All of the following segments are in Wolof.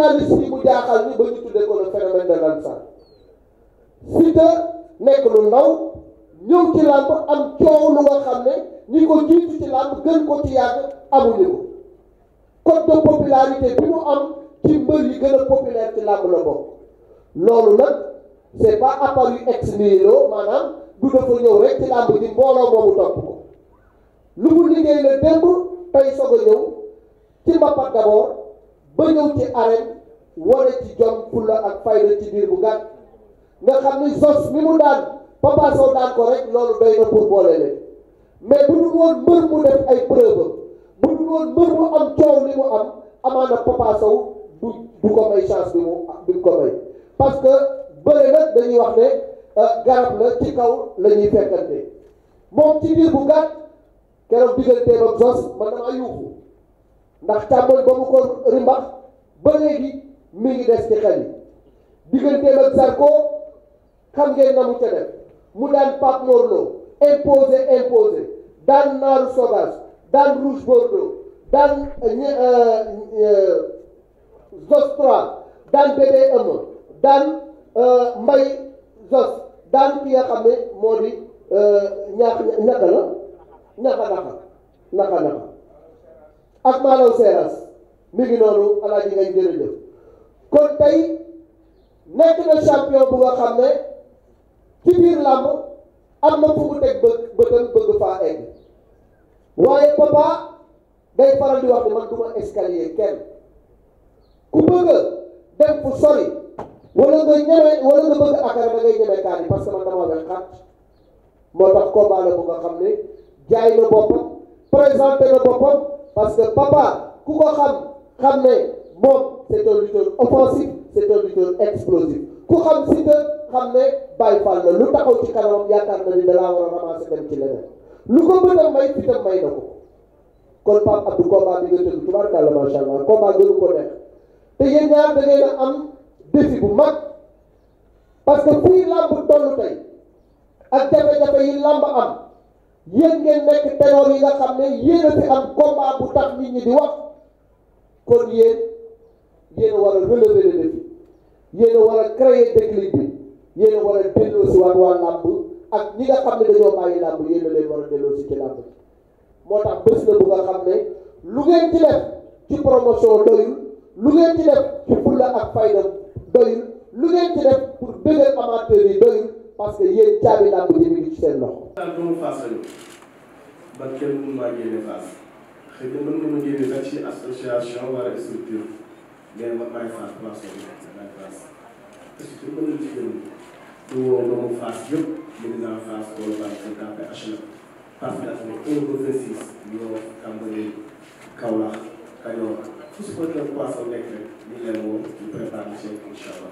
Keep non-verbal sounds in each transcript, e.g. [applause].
journaliste yi mu jaaxal ni ba ñu tuddee ko le phénomène de l'Ansar Siteu nekk lu ndaw ñëw ci làmb am coow lu nga xam ne ñi ko jiitu ci làmb gën ko ci yàgg amuñu ko ci mbër yi gën a populaire ci làmb la bokk loolu nag c'est pas apparu ex nihilo maanaam du dafa ñëw rek ci làmb ji mbooloo moomu topp ko lu mu liggéey la démb tey soog a ñëw ci mbappat d'abord ba ñëw ci arène wane ci jom fulla ak fayda ci biir bu gàtt nga xam ni sos mi mu daan Papa Sow daan ko rek loolu doy na pour boole leen mais bu dul woon mbër mu def ay preuve bu dul woon mbër mu am coow li mu am amaana Papa Sow du du ko may chance bi mu bi ko may parce que bëre nag dañuy wax ne euh, garab la ci kaw la ñuy fekkante moom ci biir bu gàtt keroog digganteem ak sos man damaa yuuxu ndax tàmbali ba mu ko rimbax ba léegi mi ngi des ci xel yi digganteem Sarko xam ngeen na mu ca mu daan Pape Mor Lo imposé imposé daan Naaru Sauvage daan Rouge daan euh, euh, euh, Zos 3 daan Bébé Ama daan Mbay Zos daan ki nga xam ne moo di ñaax ñaka la ñaka naka naka naka ak maanaam seeraas mi ngi noonu alaaji ngay jërëjëf kon tey nekk na champion bu nga xam ne ci biir làmb am na fu mu teg bëgg faa egg waaye papa day faral di wax ne man du escalier kenn ku bëgg dem fu sori wala nga ñeme wala nga bëgg akara da ngay ñeme kaani parce que man dama wex xat moo tax combat la bu nga xam ne jaay na boppam présenté na boppam parce que papa ku ko xam xam ne moom c'est un lutteur offensif c'est un lutteur explosif ku xam Siteu xam ne Baye Fall la lu ci kanamam yaakaar na ni dalaa war a ramasser dem ci leneen lu ko mën a may may na ko kon Pape Abdou combat bi nga tëgg tubaarkàlla macha allah combat gënu ko neex te yéen ñaar da ngeen a am défi bu mag parce que fii làmb toll tey ak jafe am. yéen ngeen nekk ténor yi nga xam ne yéen a fi am combat bu tax nit ñi di wax kon yéen yéen a war a relever le défi yéen a war a créer bi yéen war a delloo si waat waa ak ñi nga xam ne dañoo bàyyi làmb yéen a leen war a delloo ci làmb moo tax bés la bu nga xam ne lu ngeen ci def ci promotion doyul lu ngeen ci def ci fulla ak fayda doyul lu ngeen ci def pour bëggal amateur yi doyul parce que yéen caabi làmb ji mi ngi ci seen loxo. daal doomu Fass lañu ba kenn mën maa génne Fass xëy na mën nga ma génne rek ci association wala structure mais ma maay Fass place boobu maay Fass structure mën nañu ci gën a woo doomu Fass yëpp président Fass wala Fass bu tàppe HLM Fass bi dafa ne un ba vingt six yoo Cambérène Kaolack Kajoor fu si bëgg a poisson nekk rek ñu leen woo ñu préparé seen incha allah.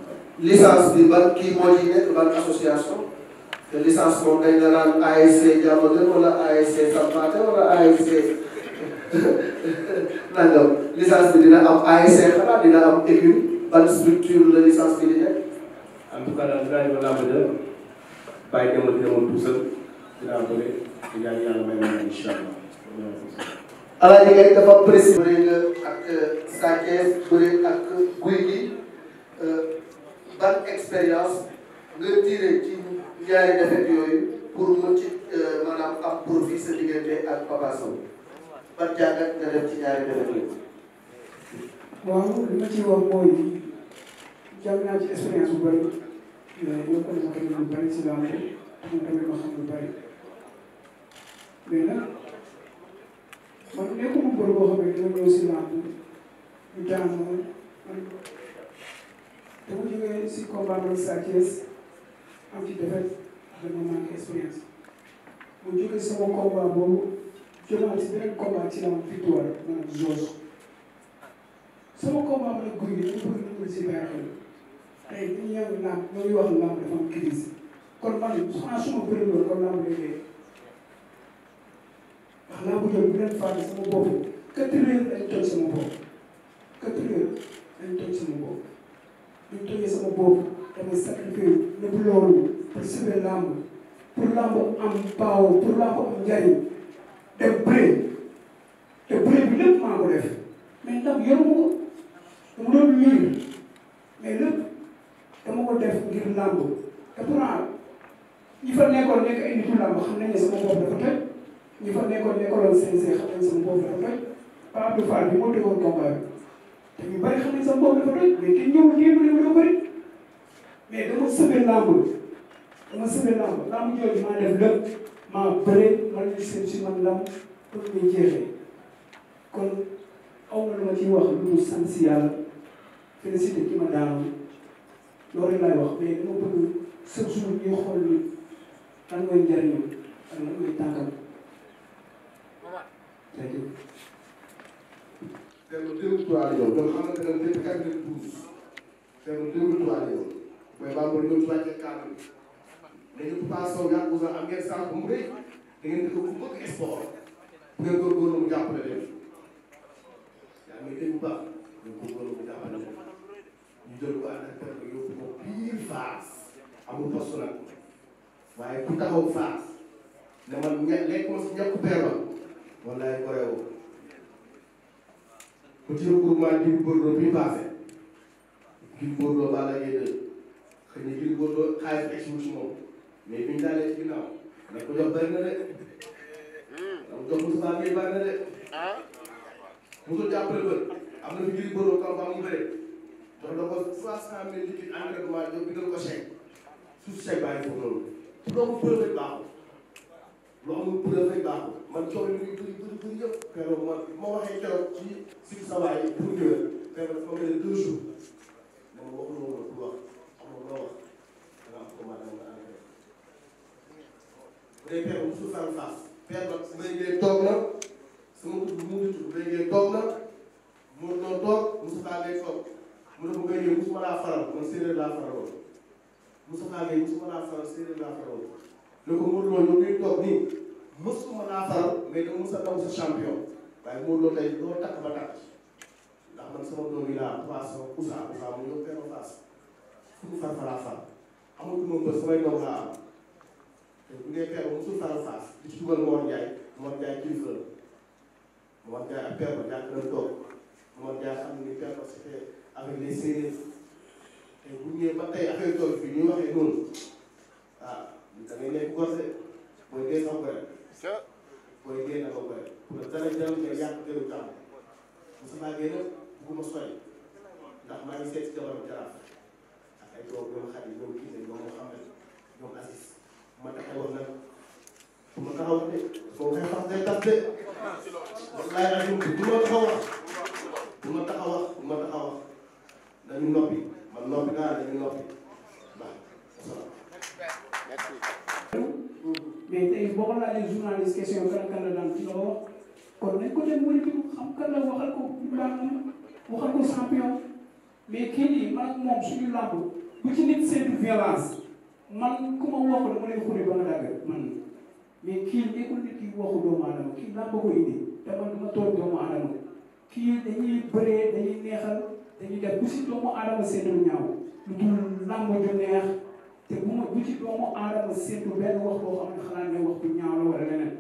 licence bi ban kii moo ci nekk ban association te licence moom dañ la naan ASC Diamaguène wala ASC Sampaté wala ASC [laughs] nangam licence bi dina am ASC xanaa dina am équipe ban structure la licence bi di nekk. en tout cas daal dinaa yóbbu laa ko jël bàyyi demal demal tout seul dinaa bëri di ñaan yàlla may ma incha allah. Aladji Gaye dafa précis. bëri nga ak euh, Sa Thiès bëri ak Gouye Gui euh, ban expérience nga tiré ci ñaari défaite yooyu pour mu ci euh, maanaam am profit sa diggante ak Papa Sow ban jàngat nga def ci ñaari défaite yooyu. waaw li ma ci wax mooy jàng naa ci expérience bu bëri yokk na ma tamit lu bëri si laa moom tamit ma xam lu bëri mais kon nekkuma mbër boo xam ne dama ñëw si làmb ñu daan ma man dama jógee si combat ak Sa Thiès am ci défaite dama manqué expérience ma jógee sama combat boobu jëlaat si beneen combat ci làmb victoire maanaam Zoss sama combat man ak guy bi ñu bëgg nañ si bàyyi xel tey bu ñu yàgg làmb ñooy wax làmb dafa am crise kon man xanaa suma bëri loolu kon làmb lay dee xanaa bu jëm bu leen fàtte sama bopp quatre heures sama bopp quatre heures sama bopp luñ sama bopp damay sacrifier lépp loolu pour sauver làmb pour làmb am baaw pour làmb am njariñ dem bëre te bëre bi lépp maa def mais ndam yoruma ko mu doon miir mais lépp dama def ngir làmb te pourtant ñi fa nekkoon nekk ay nitu làmb xam nañ sama bopp dafa ñi fa nekkoon nekkaloon CNG xam nañ sama boobu dafa toj Pape Abdou Fall bi moo tëggoon combat bi te ñu bëri xam nañ sama boobu dafa toj mais kenn ñëwul génn leen doo bëri mais dama sëbe làmb dama sëbe làmb làmb jooju maa def maa bëre ma ne seen si man làmb pour ñu kon aw ma lu ma ciy wax lu mu sant si yàlla félicité ki ma daanoon loolu rek laay wax mais dama bëgg chaque jour ñuy xool ni lan mooy njëriñam ak lan mooy thank you. thème bu territoire yow loolu xam nga ne depuis 92 thème bu territoire yow mooy maa ngi doon wàcce kàddu bi dañu Papa Sow yàgg sax am ngeen sànq mu rëy da ngeen di ko bëgg sport bu ngeen góorgóorlu mu jàppale leen yaa ngi dégg bu baax ñu góorgóorlu mu jàppale leen ñu jël ko ànd ak perte yóbbu ko pire phase amul poste nag waaye ku taxaw phase ne man ña lekk ma si ñàkk peeroo. wallaay ko rew ku ci regroupement Gris Bordeaux bi passé Gris Bordeaux Balla Gaye 2 xëy na Gris Bordeaux xaalis exiwul si moom mais biñ daalee ci ginnaaw da ko jox bëri na de da ko jox Moussa Gueye bëri na de mosul jàppale bër am na fi Gris Bordeaux campagne mu bëre jox na ko trois cent mille litres engrais jox bi ko chèque suuf chèque bàyyi foofu noonu su doo ko bërëbët baaxul lu amul preuve rek baaxul man coow li muy bëri bëri bëri yëpp keroog man ma waxee keroog ci si sawaay yi pour ñëwee keroog dafa mel ne deux jours dama wax lu ma wax amul loo wax danga am ko maanaam nga ànd ak bu dee keroog mosul fan faas père nag su may ngee toog na sama tudd mu ngi tudd bay ngee toog na mu noonu toog mosul faa ngay toog mu ne ko bay ngee mosuma laa faral man séeréer laa faraloon mosul faa ngay mosuma laa faral séeréer laa faraloon ne ko Modou Lo ñoom ñuy toog nii mosuma naa faral mais da mos a daw sa champion waaye Modou Lo tey doo takk ba takk ndax man sama doom yi laa Fass sama Ousa Ousa mu ñëw Père Fass fu mu far faraa far amatuma mbër samay doom laa am te bu dee Père mosul faral Fass di ci dugal Mor Ndiaye Mor Ndiaye kilifa la Mor Ndiaye ak Père ba jàkk na toog Mor Ndiaye xam ni Père c'était avec les séeréer te bu ñëwee ba tey affaire tool fii ñuy waxee noonu. da ngay nekk gorse booy dee soo ko def booy dee na soo ko def kon dara jarul nga yàq gën a tàmm Moustapha Gueye nag bugguma sori ndax maa ngi seet ci jabaram jaraaf ak ay doom ñoom xale ñoom kii ne ñoom Mouhamed ñoom Aziz ma taxawoon nag bu ma taxaw de boo koy wax day tas de wallaay Aliou bu ma taxaw wax bu ma taxaw wax bu ma taxaw wax dañu noppi man noppi naa dañu noppi merci. mais tey boo ko laajee journaliste question kan la daan ci la wax kon nañ ko dem wëri xam kan la waxal ko baax na waxal ko champion mais kii nii man moom suñu làmb bu ci nit seetu violence man ku ma waxu dama lay xuri ba nga dàgg man mais kii nekkul nit ki waxu doomu aadama kii làmb ko indi te ma toog doomu aadama kii dañuy bëree dañuy neexal dañuy def bu si doomu aadama seetu ñaaw lu dul làmb ju neex te bu ma bu ci doomu aadama seetu benn wax boo xam ne xalaat ne wax bu ñaaw la wala leneen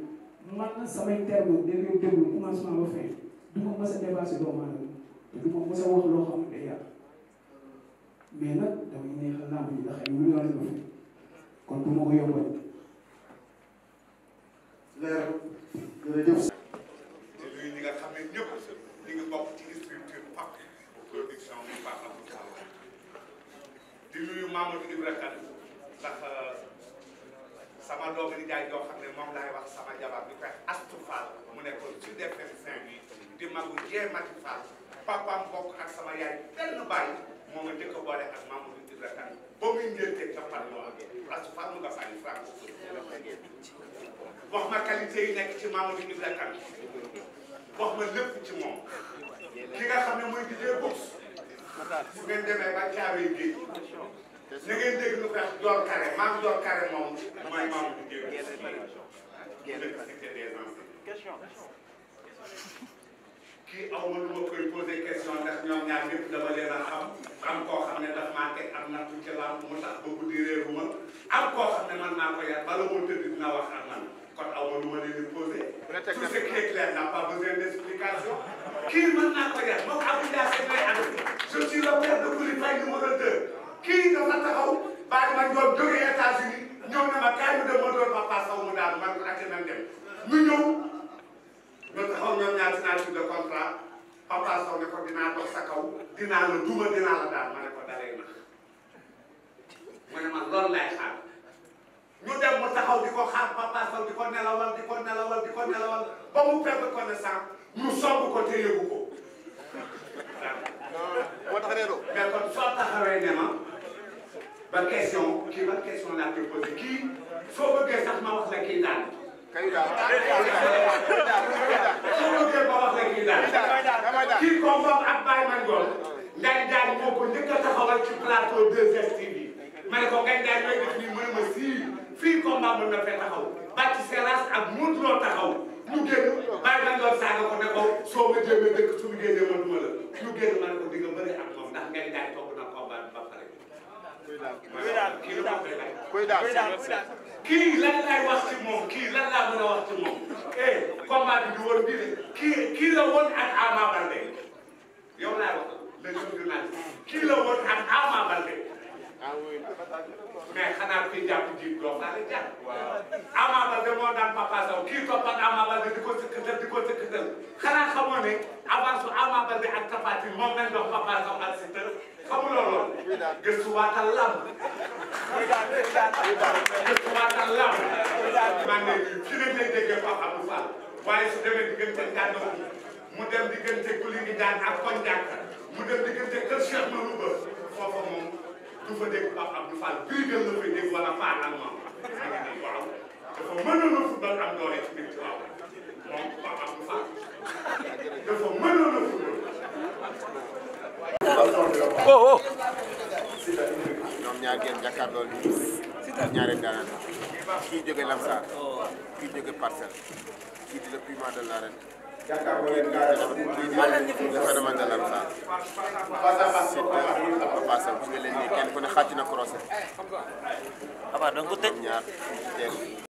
na samay terme da ngeen déglu commencement ba fin du ma mës a dépassé doomu aadama te du ma mës a wax loo xam ne day yàq mais nag damay neexal làmb ji la fi kon du ne ñëpp ñu ngi bokk ci structure PAP Ndiaye yoo xam ne moom laay wax sama jabar bi koy Astu Fall mu nekkoon Sud FM Saint-Louis di magu Dieng Mati Fall papaam bokk ak sama yaay benn bàyyi moo ma njëkk a boole ak Mamadou Ibra Kane ba muy ngénte cappal loo am Astu Fall mu nga fànni franco wax ma qualité yi nekk ci Mamadou Ibra Kane wax ma lépp ci moom ki nga xam ne mooy di dee bourse bu ngeen demee ba caawee géej na ngeen dégg lu koy wax Dior Kare maam Dior Kare moom mooy maam bu dégg ci le secteur des enseignants kii aw ma lu ma koy posé question ndax ñoom ñaar ñëpp dama leen a xam am koo xam ne daf maa teg am nattu ci làmb mu tax ba guddi réeru ma am koo xam ne man naa ko yar bala moo tëdd dina wax ak man kon aw ma lu ma leen di posé tout ce qui est clair n'a pas besoin d'explication kii mën naa ko yar moom Abou Dia c'est vrai je suis le père de Koulibaly numéro 2 kii dafa taxaw bàyyi ma doon jógee États-Unis ñëw na ma kaay mu dem ma doon papa saw mu daal man ko ak nan dem ñu ñëw ñu taxaw ñoom ñaar signature de contrat papa saw ne ko dinaa dox sa kaw dinaa la duma dinaa la daal ma ne ko dalee na mu ne ma loolu lay xaar ñu dem mu taxaw di ko xaar papa saw di ko nelawal di ko nelawal di ko nelawal ba mu perdre connaissance ñu song ko te yëgu ko kii ban question laa koy posé kii ma wax la daal. kay daal soo bëggee ma wax la kii daal. kii comme moom ak Baye Mandione. Ngagne Ndiaye moo ko njëkk a taxawal ci plateau 2STV bi ma ne ko Ngagne Ndiaye mooy def nii mu ne ma sii fii combat mën na fee taxaw. Bathie Seras ak Modou Lo taxaw ñu génn ne ko soo ma jéemee man. kuy daal kii lan lay wax ci moom kii lan laa mën a wax ci moom eh combat bi du woon bii de kii kii la woon ak Ama Baldé yow laay wax le journaliste kii la woon ak Ama Baldé mais xanaa fii jàpp jiw doo xaale jàpp. Ama Baldé moo daan Papa Sow kii toppat Ama Baldé di ko sëkkatal di ko sëkkatal xanaa xamoo ne avance su Ama Baldé ak Tapha Tine moom lañ dox Papa Sow ak Siteu xamuloo loolu. gëstuwaatal lamb. gëstuwaatal lamb. maa ngi lay ki lañ lay déggee Pape Abdou Fall waaye su demee diggante Ndando mu dem diggante Koulibaly Ndiaye ak Kondiak mu dem diggante Kër Cheikh Marouba foofa moom du fa dégg Pape Abdou Fall bii gën la fay dégg wala Fane ak moom maa ngi lay waaw dafa mënoon a football am doole ci biir waaw moom Pape Abdou Fall dafa mënoon a football. oh oh. ñoom ñaar ngeen jàkkaarloo li ñaare daanaan kii jóge Lamsar kii jóge Parcelles kii di le piment de l'arène kii di le phénomène de Lamsar si Papa Sow gis nga leen nii kenn ku ne xàcc na croisé. xabaar da nga ñaar